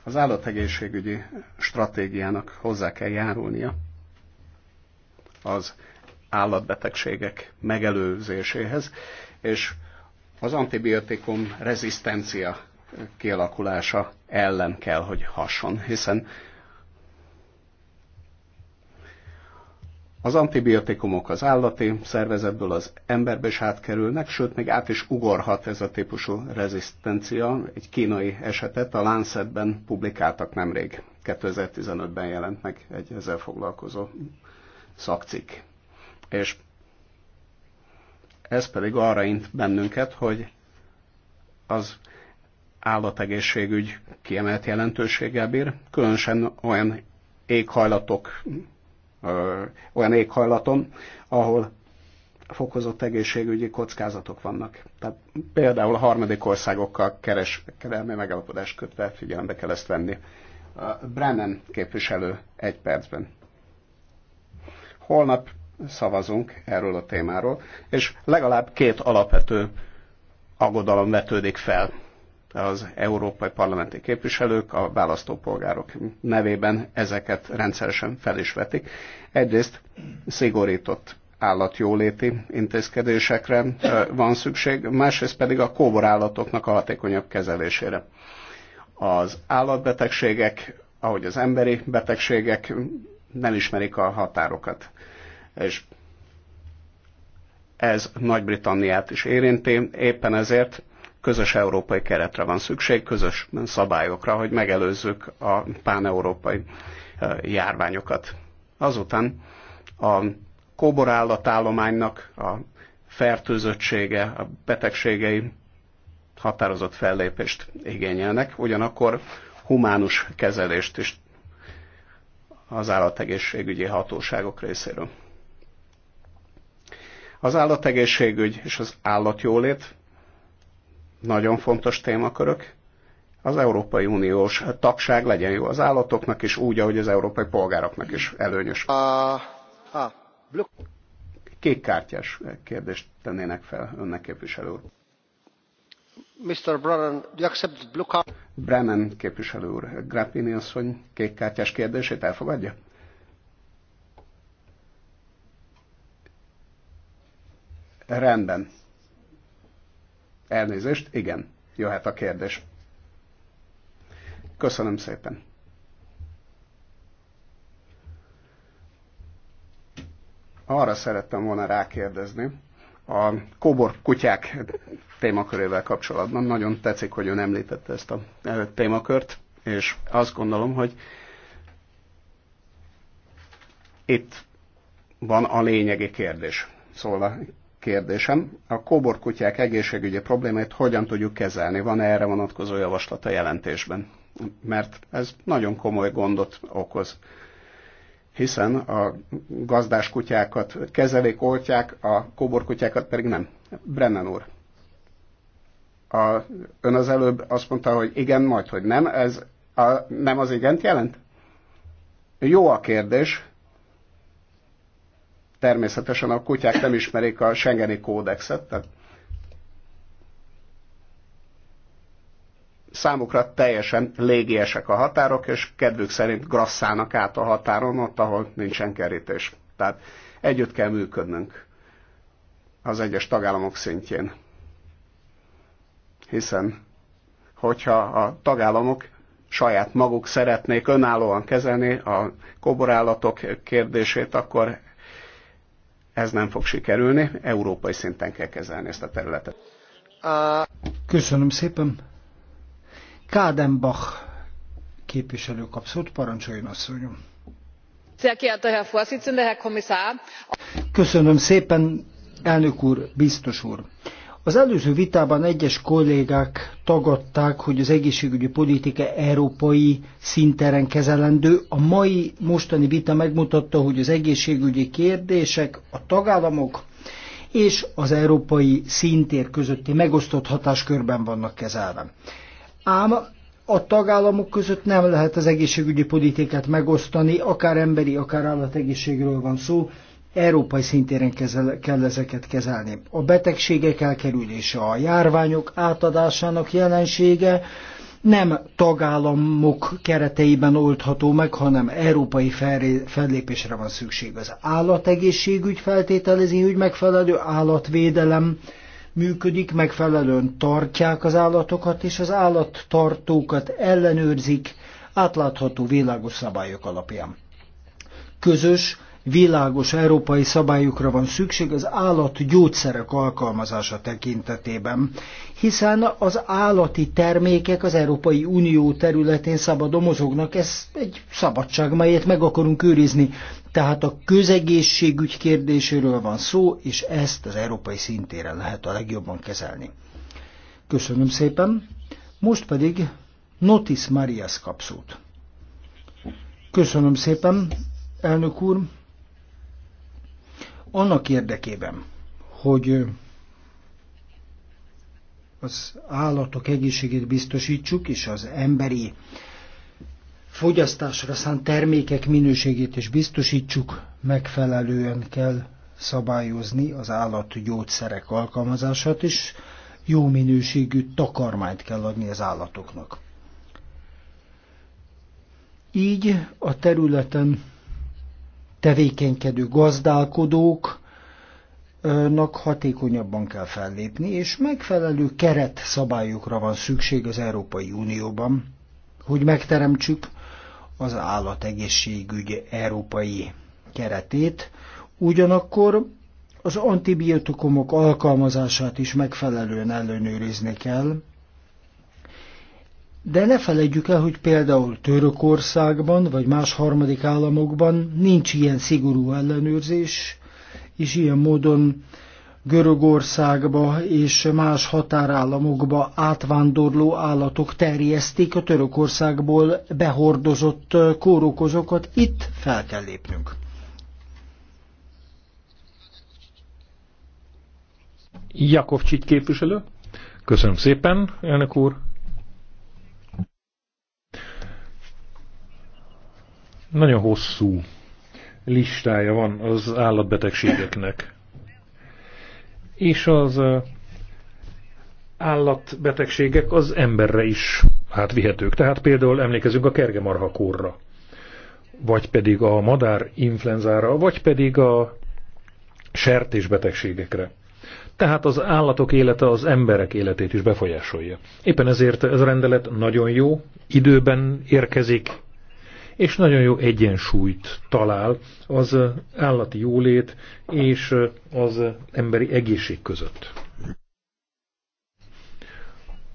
Az állategészségügyi stratégiának hozzá kell járulnia az állatbetegségek megelőzéséhez, és az antibiotikum rezisztencia kialakulása ellen kell, hogy hason, hiszen Az antibiotikumok az állati szervezetből az emberbe is átkerülnek, sőt, még át is ugorhat ez a típusú rezisztencia. Egy kínai esetet a Lancetben publikáltak nemrég. 2015-ben jelent meg egy ezzel foglalkozó szakcikk. És ez pedig arra int bennünket, hogy az állategészségügy kiemelt jelentőséggel bír, különösen olyan éghajlatok olyan éghajlaton, ahol fokozott egészségügyi kockázatok vannak. Tehát például a harmadik országokkal kereskedelmi megállapodást kötve figyelembe kell ezt venni. A Brennan képviselő egy percben. Holnap szavazunk erről a témáról, és legalább két alapvető aggodalom vetődik fel az európai parlamenti képviselők a választópolgárok nevében ezeket rendszeresen fel is vetik. Egyrészt szigorított állatjóléti intézkedésekre van szükség, másrészt pedig a kóborállatoknak a hatékonyabb kezelésére. Az állatbetegségek, ahogy az emberi betegségek nem ismerik a határokat. És ez Nagy-Britanniát is érinti, éppen ezért Közös európai keretre van szükség, közös szabályokra, hogy megelőzzük a páneurópai járványokat. Azután a kóborállatállománynak a fertőzöttsége, a betegségei határozott fellépést igényelnek, ugyanakkor humánus kezelést is az állategészségügyi hatóságok részéről. Az állategészségügy és az állatjólét nagyon fontos témakörök. Az Európai Uniós tagság legyen jó az állatoknak is, úgy, ahogy az európai polgároknak is előnyös. kártyás kérdést tennének fel önnek képviselő úr. Mr. Brennan, do you accept blue card? Brennan képviselő úr, Grappini asszony kártyás kérdését elfogadja? Rendben. Elnézést, igen, jöhet a kérdés. Köszönöm szépen. Arra szerettem volna rákérdezni, a kóbor kutyák témakörével kapcsolatban. Nagyon tetszik, hogy ön említette ezt a e, témakört, és azt gondolom, hogy itt van a lényegi kérdés. Szóval a kérdésem, a kóborkutyák egészségügyi problémáit hogyan tudjuk kezelni? Van -e erre vonatkozó javaslat a jelentésben? Mert ez nagyon komoly gondot okoz hiszen a kutyákat kezelik, oltják, a kóborkutyákat pedig nem. Brennan úr, a, ön az előbb azt mondta, hogy igen, majd, hogy nem, ez a, nem az igent jelent? Jó a kérdés, Természetesen a kutyák nem ismerik a Schengeni kódexet, tehát számukra teljesen légiesek a határok, és kedvük szerint grasszának át a határon, ott, ahol nincsen kerítés. Tehát együtt kell működnünk az egyes tagállamok szintjén. Hiszen, hogyha a tagállamok saját maguk szeretnék önállóan kezelni a koborállatok kérdését, akkor ez nem fog sikerülni, európai szinten kell kezelni ezt a területet. Köszönöm szépen. Kádenbach képviselő kapszót, parancsoljon asszonyom. Köszönöm szépen, elnök úr, biztos úr. Az előző vitában egyes kollégák tagadták, hogy az egészségügyi politika európai szinteren kezelendő. A mai mostani vita megmutatta, hogy az egészségügyi kérdések a tagállamok és az európai szintér közötti megosztott hatáskörben vannak kezelve. Ám a tagállamok között nem lehet az egészségügyi politikát megosztani, akár emberi, akár állategészségről van szó, európai szintéren kezel, kell ezeket kezelni. A betegségek elkerülése, a járványok átadásának jelensége nem tagállamok kereteiben oldható meg, hanem európai fellépésre van szükség. Az állategészségügy feltételezi, hogy megfelelő állatvédelem működik, megfelelően tartják az állatokat, és az állattartókat ellenőrzik átlátható világos szabályok alapján. Közös világos európai szabályokra van szükség az állatgyógyszerek alkalmazása tekintetében, hiszen az állati termékek az Európai Unió területén szabadon mozognak, ez egy szabadság, melyet meg akarunk őrizni. Tehát a közegészségügy kérdéséről van szó, és ezt az európai szintéren lehet a legjobban kezelni. Köszönöm szépen, most pedig Notis Marias kapszót. Köszönöm szépen, elnök úr annak érdekében, hogy az állatok egészségét biztosítsuk, és az emberi fogyasztásra szánt termékek minőségét is biztosítsuk, megfelelően kell szabályozni az állatgyógyszerek alkalmazását is, jó minőségű takarmányt kell adni az állatoknak. Így a területen tevékenykedő gazdálkodóknak hatékonyabban kell fellépni, és megfelelő keret szabályokra van szükség az Európai Unióban, hogy megteremtsük az állategészségügy európai keretét, ugyanakkor az antibiotikumok alkalmazását is megfelelően ellenőrizni kell, de ne felejtjük el, hogy például Törökországban vagy más harmadik államokban nincs ilyen szigorú ellenőrzés, és ilyen módon Görögországba és más határállamokba átvándorló állatok terjesztik a Törökországból behordozott kórokozókat, itt fel kell lépnünk. Jakovcsit képviselő. Köszönöm szépen, elnök úr. Nagyon hosszú listája van az állatbetegségeknek. És az állatbetegségek az emberre is átvihetők. Tehát például emlékezünk a kergemarhakórra, vagy pedig a madár influenzára, vagy pedig a sertésbetegségekre. Tehát az állatok élete az emberek életét is befolyásolja. Éppen ezért ez a rendelet nagyon jó, időben érkezik, és nagyon jó egyensúlyt talál az állati jólét és az emberi egészség között.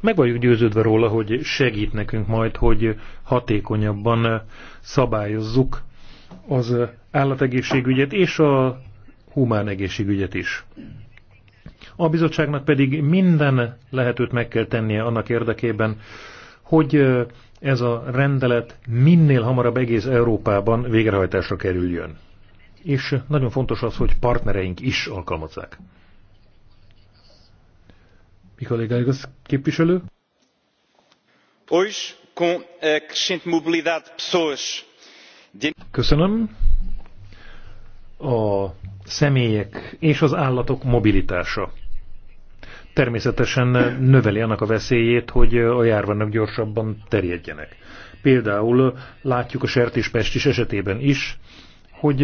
Meg vagyunk győződve róla, hogy segít nekünk majd, hogy hatékonyabban szabályozzuk az állategészségügyet és a humán egészségügyet is. A bizottságnak pedig minden lehetőt meg kell tennie annak érdekében, hogy ez a rendelet minél hamarabb egész Európában végrehajtásra kerüljön. És nagyon fontos az, hogy partnereink is alkalmazzák. Mi kollégáig az képviselő? a Köszönöm. A személyek és az állatok mobilitása természetesen növeli annak a veszélyét, hogy a járványok gyorsabban terjedjenek. Például látjuk a sertéspestis esetében is, hogy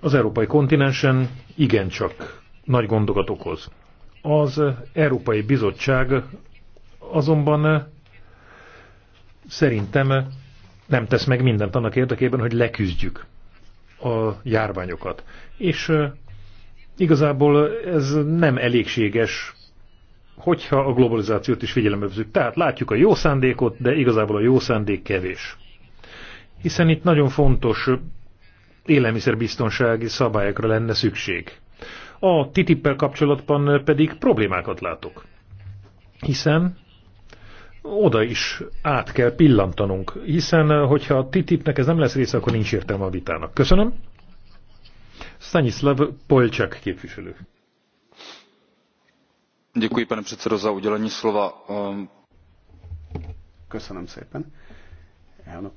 az európai kontinensen igencsak nagy gondokat okoz. Az Európai Bizottság azonban szerintem nem tesz meg mindent annak érdekében, hogy leküzdjük a járványokat. És igazából ez nem elégséges hogyha a globalizációt is figyelembe vezük. Tehát látjuk a jó szándékot, de igazából a jó szándék kevés. Hiszen itt nagyon fontos élelmiszerbiztonsági szabályokra lenne szükség. A TTIP-pel kapcsolatban pedig problémákat látok. Hiszen oda is át kell pillantanunk, hiszen hogyha a TTIP-nek ez nem lesz része, akkor nincs értelme a vitának. Köszönöm. Stanislav Polcsak képviselő pane předsedající ehm, köszönöm szépen elnök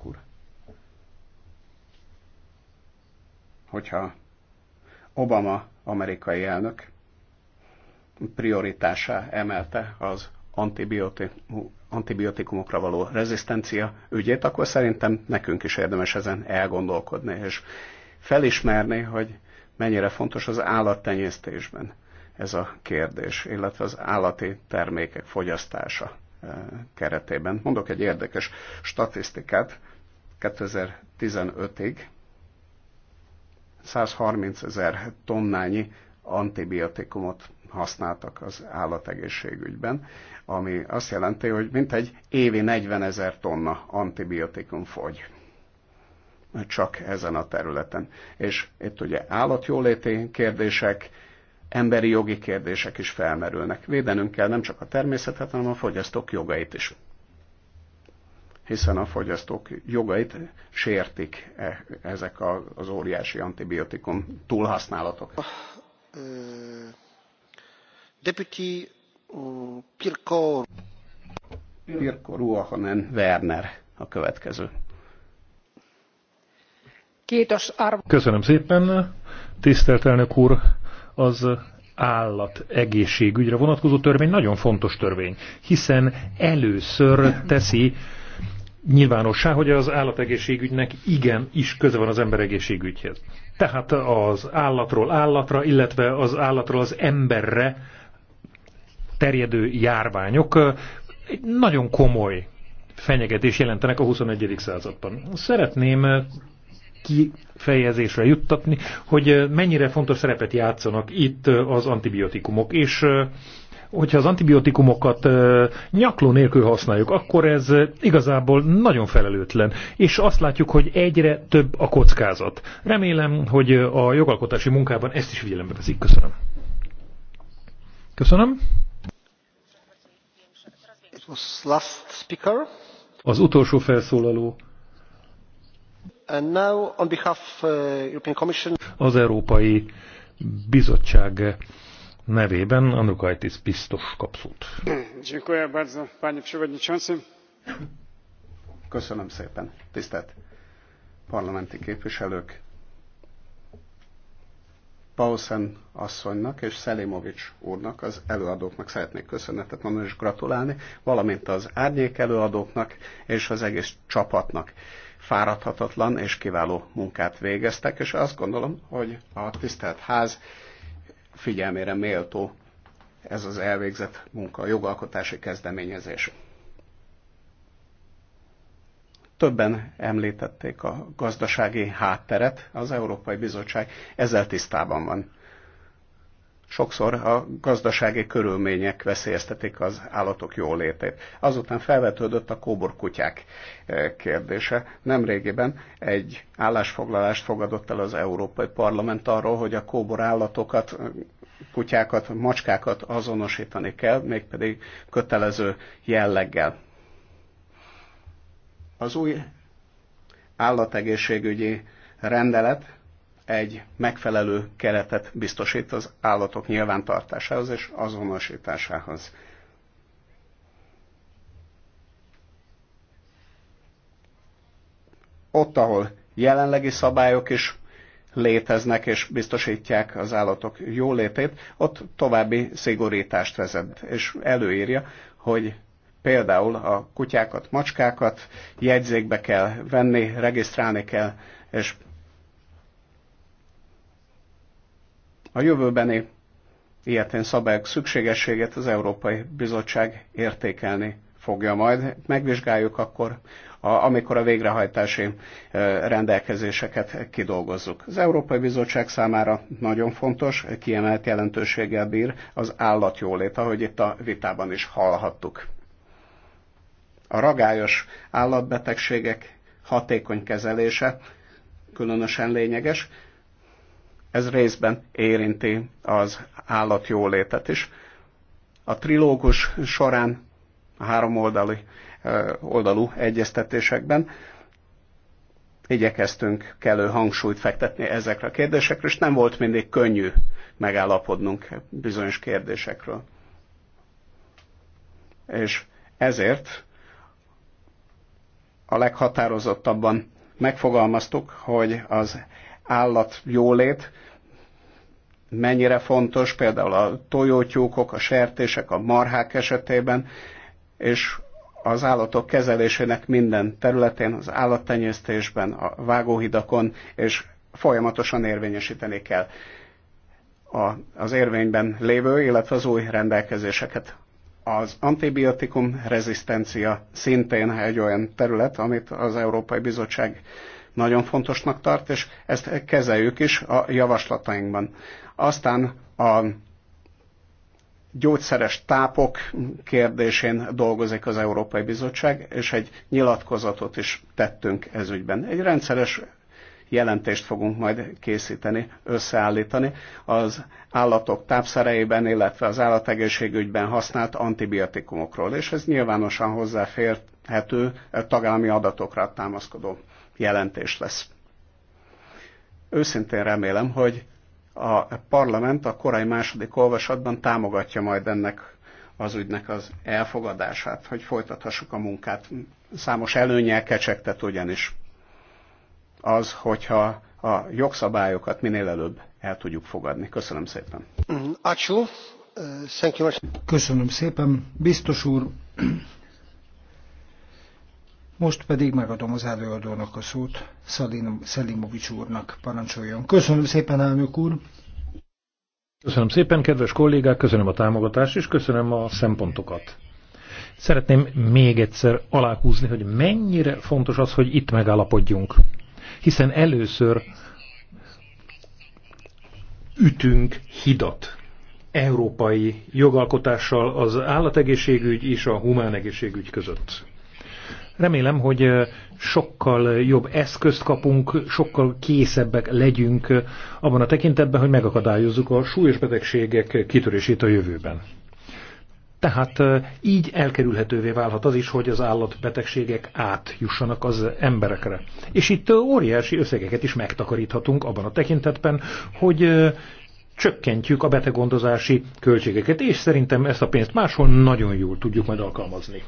hogyha obama amerikai elnök prioritásá emelte az antibiotikumokra való rezisztencia ügyét, akkor szerintem nekünk is érdemes ezen elgondolkodni, és felismerni, hogy mennyire fontos az állattenyésztésben ez a kérdés, illetve az állati termékek fogyasztása eh, keretében. Mondok egy érdekes statisztikát. 2015-ig 130 ezer tonnányi antibiotikumot használtak az állategészségügyben, ami azt jelenti, hogy mintegy évi 40 ezer tonna antibiotikum fogy csak ezen a területen. És itt ugye állatjóléti kérdések, emberi jogi kérdések is felmerülnek. Védenünk kell nem csak a természetet, hanem a fogyasztók jogait is. Hiszen a fogyasztók jogait sértik -e ezek az óriási antibiotikum túlhasználatok. Ah, deputy Pirko... Pirko Ruohonen Werner a következő. Köszönöm szépen, tisztelt elnök úr, az állat egészségügyre vonatkozó törvény nagyon fontos törvény, hiszen először teszi nyilvánossá, hogy az állategészségügynek igen is köze van az emberegészségügyhez. Tehát az állatról állatra, illetve az állatról az emberre terjedő járványok egy nagyon komoly fenyegetés jelentenek a 21. században. Szeretném kifejezésre juttatni, hogy mennyire fontos szerepet játszanak itt az antibiotikumok. És hogyha az antibiotikumokat nyakló nélkül használjuk, akkor ez igazából nagyon felelőtlen, és azt látjuk, hogy egyre több a kockázat. Remélem, hogy a jogalkotási munkában ezt is figyelembe veszik. Köszönöm. Köszönöm. Az utolsó felszólaló Uh, az Európai Bizottság nevében Andrukaitis biztos kapszót. Köszönöm szépen, tisztelt parlamenti képviselők! Paulsen asszonynak és Szelimovics úrnak, az előadóknak szeretnék köszönetet mondani és gratulálni, valamint az árnyék előadóknak és az egész csapatnak fáradhatatlan és kiváló munkát végeztek, és azt gondolom, hogy a tisztelt ház figyelmére méltó ez az elvégzett munka, a jogalkotási kezdeményezés. Többen említették a gazdasági hátteret, az Európai Bizottság ezzel tisztában van sokszor a gazdasági körülmények veszélyeztetik az állatok jólétét. Azután felvetődött a kóborkutyák e, kérdése. Nemrégiben egy állásfoglalást fogadott el az Európai Parlament arról, hogy a kóbor állatokat, e, kutyákat, macskákat azonosítani kell, mégpedig kötelező jelleggel. Az új állategészségügyi rendelet egy megfelelő keretet biztosít az állatok nyilvántartásához és azonosításához. Ott, ahol jelenlegi szabályok is léteznek és biztosítják az állatok jólétét, ott további szigorítást vezet, és előírja, hogy például a kutyákat, macskákat jegyzékbe kell venni, regisztrálni kell, és A jövőbeni ilyetén szabályok szükségességét az Európai Bizottság értékelni fogja majd. Megvizsgáljuk akkor, a, amikor a végrehajtási rendelkezéseket kidolgozzuk. Az Európai Bizottság számára nagyon fontos, kiemelt jelentőséggel bír az állatjólét, ahogy itt a vitában is hallhattuk. A ragályos állatbetegségek hatékony kezelése különösen lényeges, ez részben érinti az állatjólétet is. A trilógus során, a három oldali, oldalú egyeztetésekben igyekeztünk kellő hangsúlyt fektetni ezekre a kérdésekre, és nem volt mindig könnyű megállapodnunk bizonyos kérdésekről. És ezért a leghatározottabban megfogalmaztuk, hogy az állat jólét, mennyire fontos, például a tojótyúkok, a sertések, a marhák esetében, és az állatok kezelésének minden területén, az állattenyésztésben, a vágóhidakon, és folyamatosan érvényesíteni kell a, az érvényben lévő, illetve az új rendelkezéseket. Az antibiotikum rezisztencia szintén egy olyan terület, amit az Európai Bizottság nagyon fontosnak tart, és ezt kezeljük is a javaslatainkban. Aztán a gyógyszeres tápok kérdésén dolgozik az Európai Bizottság, és egy nyilatkozatot is tettünk ezügyben. Egy rendszeres jelentést fogunk majd készíteni, összeállítani az állatok tápszereiben, illetve az állategészségügyben használt antibiotikumokról, és ez nyilvánosan hozzáférhető tagállami adatokra támaszkodó jelentés lesz. Őszintén remélem, hogy a parlament a korai második olvasatban támogatja majd ennek az ügynek az elfogadását, hogy folytathassuk a munkát. Számos előnyel kecsegtet ugyanis az, hogyha a jogszabályokat minél előbb el tudjuk fogadni. Köszönöm szépen. Mm-hmm. Uh, Köszönöm szépen. Biztos úr, most pedig megadom az előadónak a szót, Szalin, Szelimovics úrnak parancsoljon. Köszönöm szépen, elnök úr! Köszönöm szépen, kedves kollégák, köszönöm a támogatást, és köszönöm a szempontokat. Szeretném még egyszer aláhúzni, hogy mennyire fontos az, hogy itt megállapodjunk. Hiszen először ütünk hidat európai jogalkotással az állategészségügy és a humánegészségügy között. Remélem, hogy sokkal jobb eszközt kapunk, sokkal készebbek legyünk abban a tekintetben, hogy megakadályozzuk a súlyos betegségek kitörését a jövőben. Tehát így elkerülhetővé válhat az is, hogy az állatbetegségek átjussanak az emberekre. És itt óriási összegeket is megtakaríthatunk abban a tekintetben, hogy csökkentjük a beteggondozási költségeket, és szerintem ezt a pénzt máshol nagyon jól tudjuk majd alkalmazni.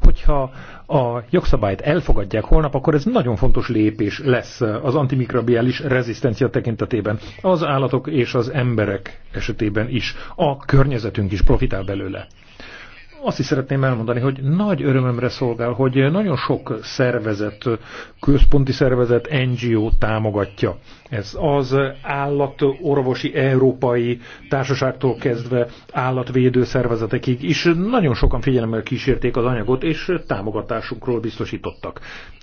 Hogyha a jogszabályt elfogadják holnap, akkor ez nagyon fontos lépés lesz az antimikrobiális rezisztencia tekintetében, az állatok és az emberek esetében is. A környezetünk is profitál belőle azt is szeretném elmondani, hogy nagy örömömre szolgál, hogy nagyon sok szervezet, központi szervezet, NGO támogatja. Ez az állatorvosi európai társaságtól kezdve állatvédő szervezetekig is nagyon sokan figyelemmel kísérték az anyagot, és támogatásukról biztosítottak.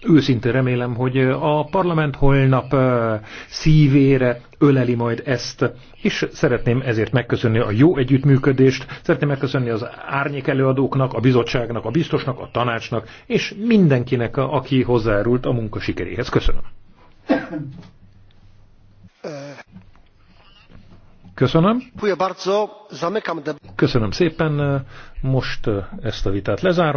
Őszintén remélem, hogy a parlament holnap eh, szívére öleli majd ezt, és szeretném ezért megköszönni a jó együttműködést, szeretném megköszönni az árnyék előadóknak, a bizottságnak, a biztosnak, a tanácsnak, és mindenkinek, aki hozzárult a munka sikeréhez. Köszönöm. Köszönöm. Köszönöm szépen. Most ezt a vitát lezárom.